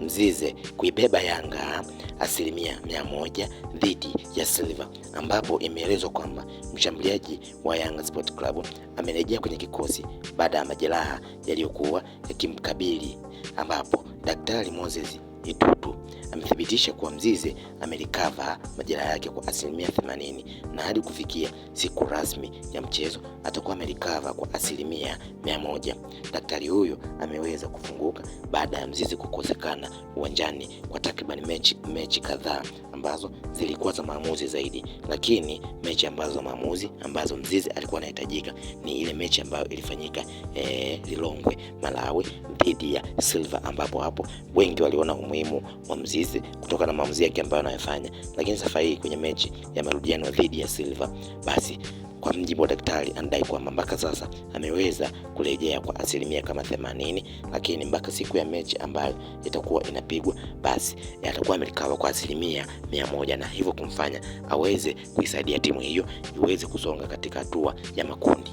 Mzize kuibeba Yanga asilimia mia moja dhidi ya Silver, ambapo imeelezwa kwamba mshambuliaji wa Yanga Sport Club amerejea kwenye kikosi baada ya majeraha yaliyokuwa yakimkabili, ambapo Daktari Moses Itutu amethibitisha kuwa Mzize amelikava majeraha yake kwa asilimia 80 na hadi kufikia siku rasmi ya mchezo atakuwa amelikava kwa asilimia mia moja. Daktari huyo ameweza kufunguka baada ya Mzize kukosekana uwanjani kwa takriban mechi, mechi kadhaa ambazo zilikuwa za maamuzi zaidi, lakini mechi ambazo maamuzi ambazo Mzize alikuwa anahitajika ni ile mechi ambayo ilifanyika eh, Lilongwe Malawi dhidi ya Silva, ambapo hapo wengi waliona umuhimu wa Mzize azizi kutokana na maamuzi yake ambayo anayofanya, lakini safar hii kwenye mechi ya marudiano dhidi ya Silva basi kwa mjibu wa daktari anadai kwamba mpaka sasa ameweza kurejea kwa asilimia kama themanini, lakini mpaka siku ya mechi ambayo itakuwa inapigwa basi atakuwa amelikawa kwa asilimia mia moja na hivyo kumfanya aweze kuisaidia timu hiyo iweze kusonga katika hatua ya makundi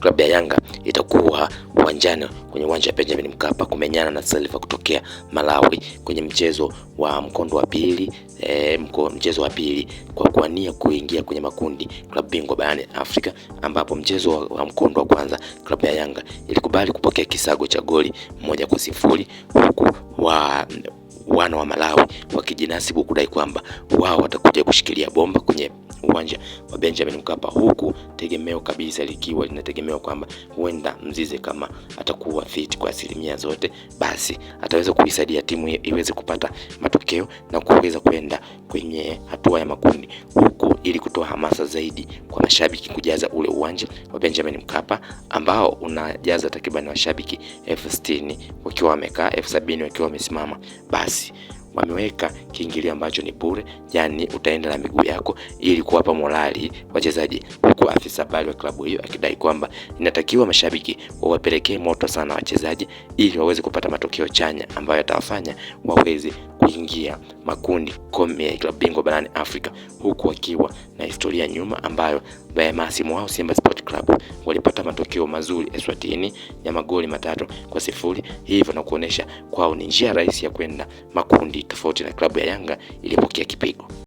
klabu ya Yanga itakuwa uwanjani kwenye uwanja wa Benjamin Mkapa kumenyana na Selfa kutokea Malawi kwenye mchezo wa mkondo wa pili e, mko, mchezo wa pili kwa kuania kuingia kwenye makundi klabu bingwa barani Afrika, ambapo mchezo wa mkondo wa kwanza klabu ya Yanga ilikubali kupokea kisago cha goli moja kwa sifuri huku wa wana wa Malawi wakijinasibu kudai kwamba wao watakuja kushikilia bomba kwenye uwanja wa Benjamin Mkapa, huku tegemeo kabisa likiwa linategemewa kwamba huenda Mzize kama atakuwa fit kwa asilimia zote, basi ataweza kuisaidia timu iweze kupata matokeo na kuweza kwenda kwenye hatua ya makundi huku ili kutoa hamasa zaidi kwa mashabiki kujaza ule uwanja wa Benjamin Mkapa ambao unajaza takribani washabiki elfu sitini wakiwa wamekaa, elfu sabini wakiwa wamesimama. Basi wameweka kiingilio ambacho ni bure, yani utaenda na miguu yako, ili kuwapa morali wachezaji, huku afisa habari wa klabu hiyo akidai kwamba inatakiwa mashabiki wawapelekee moto sana wachezaji ili waweze kupata matokeo chanya ambayo yatawafanya waweze kuingia makundi kombe ya klabu bingwa barani Afrika, huku wakiwa na historia nyuma ambayo mahasimu wao Simba Sport Club walipata matokeo mazuri Eswatini ya magoli matatu kwa sifuri, hivyo na kuonesha kwao ni njia rahisi ya kwenda makundi, tofauti na klabu ya Yanga ilipokea kipigo.